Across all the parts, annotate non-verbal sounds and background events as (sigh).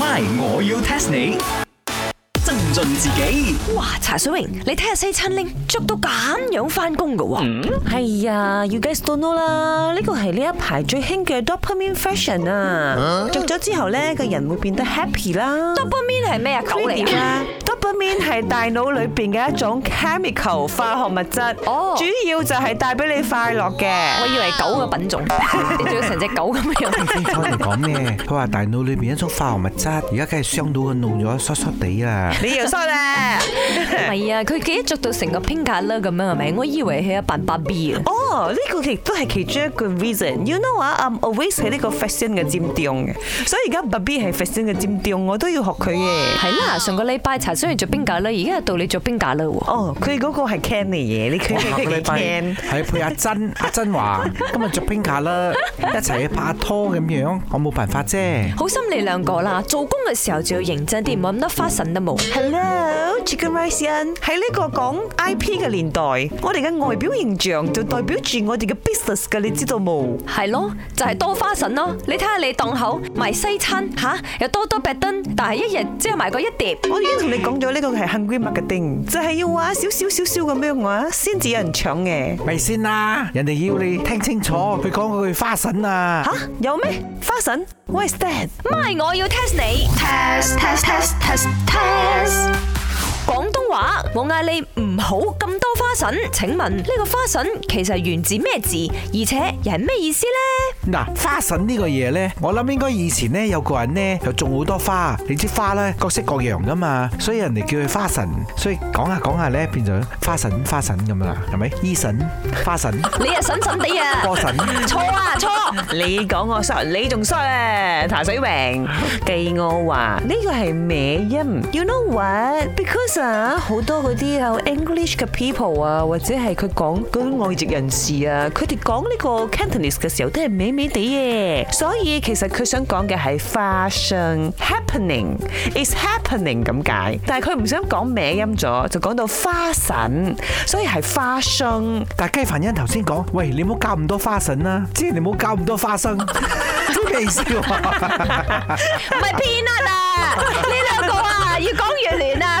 MY，我要 test 你，增進自己。哇，茶水榮，你睇下西餐拎着到咁樣翻工噶喎？係啊、嗯，要 get to know 啦，呢個係呢一排最興嘅 dopamine fashion 啊，着咗、啊、之後咧，個人會變得 happy 啦。dopamine 係咩啊？狗嚟噶？ (laughs) 表面係大腦裏邊嘅一種 chemical 化學物質，主要就係帶俾你快樂嘅。我以為狗嘅品種，你做成隻狗咁樣。佢講咩？佢話大腦裏邊一種化學物質，而家梗係傷到個腦咗，衰衰地啊。你又衰咧？係啊，佢幾多到成個 pink color 咁樣係咪？我以為佢係一扮 Barbie 啊。哦，呢個亦都係其中一個 reason。You know 啊，I'm always 喺呢個 fashion 嘅尖端嘅，所以而家 Barbie 係 fashion 嘅尖端，我都要學佢嘅。係啦，上個禮拜查着冰架啦，而家到你着冰架啦喎。哦，佢嗰個係 Ken 嘅嘢，你 Ken Ken Ken，係配阿珍阿珍話，今日着冰架啦，一齊去拍拖咁樣。我冇辦法啫。好心你兩個啦，做工嘅時候就要認真啲，唔好咁多花神都冇。Hello，Chicken Rice 人喺呢個講 IP 嘅年代，我哋嘅外表形象就代表住我哋嘅 business 嘅，你知道冇？係咯，就係多花神咯。你睇下你檔口賣西餐嚇，又多多百墩，但係一日只賣過一碟。我已經同你講。咗呢個係很閨蜜嘅定，就係要話少少少少咁樣話，先至有人搶嘅，咪先啦！人哋要你聽清楚，佢講句「花臣」啊吓，有咩花臣？Where is dad？唔係，我要 test 你，test test test test test。王艾你唔好咁多花神，請問呢個花神其實源自咩字，而且又係咩意思咧？嗱，花神呢個嘢咧，我諗應該以前咧有個人咧又種好多花，你知花啦，各色各樣噶嘛，所以人哋叫佢花神，所以講下講下咧變咗花神花神咁啦，係咪？醫神花神，花神是是神花神你啊神神地啊，歌神？錯啊錯，你講我衰，Sir，你仲衰，茶水榮記我話呢個係咩音？You know what? Because 好多。嗰啲有 English 嘅 people 啊，或者係佢講嗰種外籍人士啊，佢哋講呢個 Cantonese 嘅時候都係美美地嘅，所以其實佢想講嘅係花臣 happening is happening 咁解，但係佢唔想講歪音咗，就講到花神，所以係花生。但係雞凡欣頭先講，喂你唔好教咁多花神啦，啊，即係你唔好教咁多花生，真係笑，唔係 peanut 啊，呢兩個啊要講完年啊！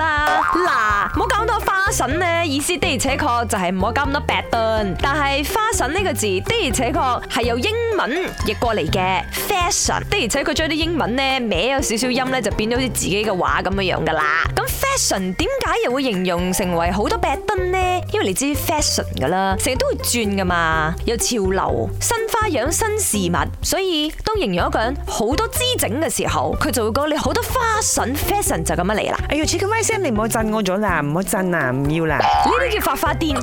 臣咧意思的而且確就係唔好搞咁多 bad，但係花臣呢、這個字的而且確係由英文譯過嚟嘅 fashion，的而且佢將啲英文咧歪咗少少音咧就變咗好似自己嘅話咁樣樣噶啦。咁 fashion 點解又會形容成為好多 bad 墩咧？因為你知 fashion 噶啦，成日都會轉噶嘛，有潮流、新花樣、新事物，所以當形容一個人好多姿整嘅時候，佢就會講你好多花臣 fashion 就咁樣嚟啦。哎呀，似級威聲，你唔好震我咗啦，唔好震啊！要啦！呢啲叫發花癲，呢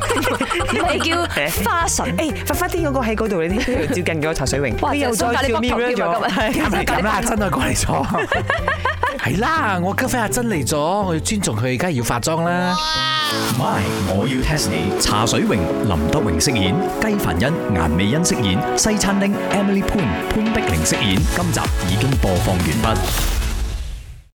啲叫花神。誒，發花癲嗰個喺嗰度，你接近個茶水榮。佢又再笑眯咗，今日阿珍啊，真啊，過嚟坐。係啦，我今日阿珍嚟咗，我要尊重佢，梗係要化妝啦。唔係，我要 test 你。茶水榮，林德榮飾演，雞凡欣、顏美欣飾演，西餐廳 Emily Poon 潘碧玲飾演。今集已經播放完畢。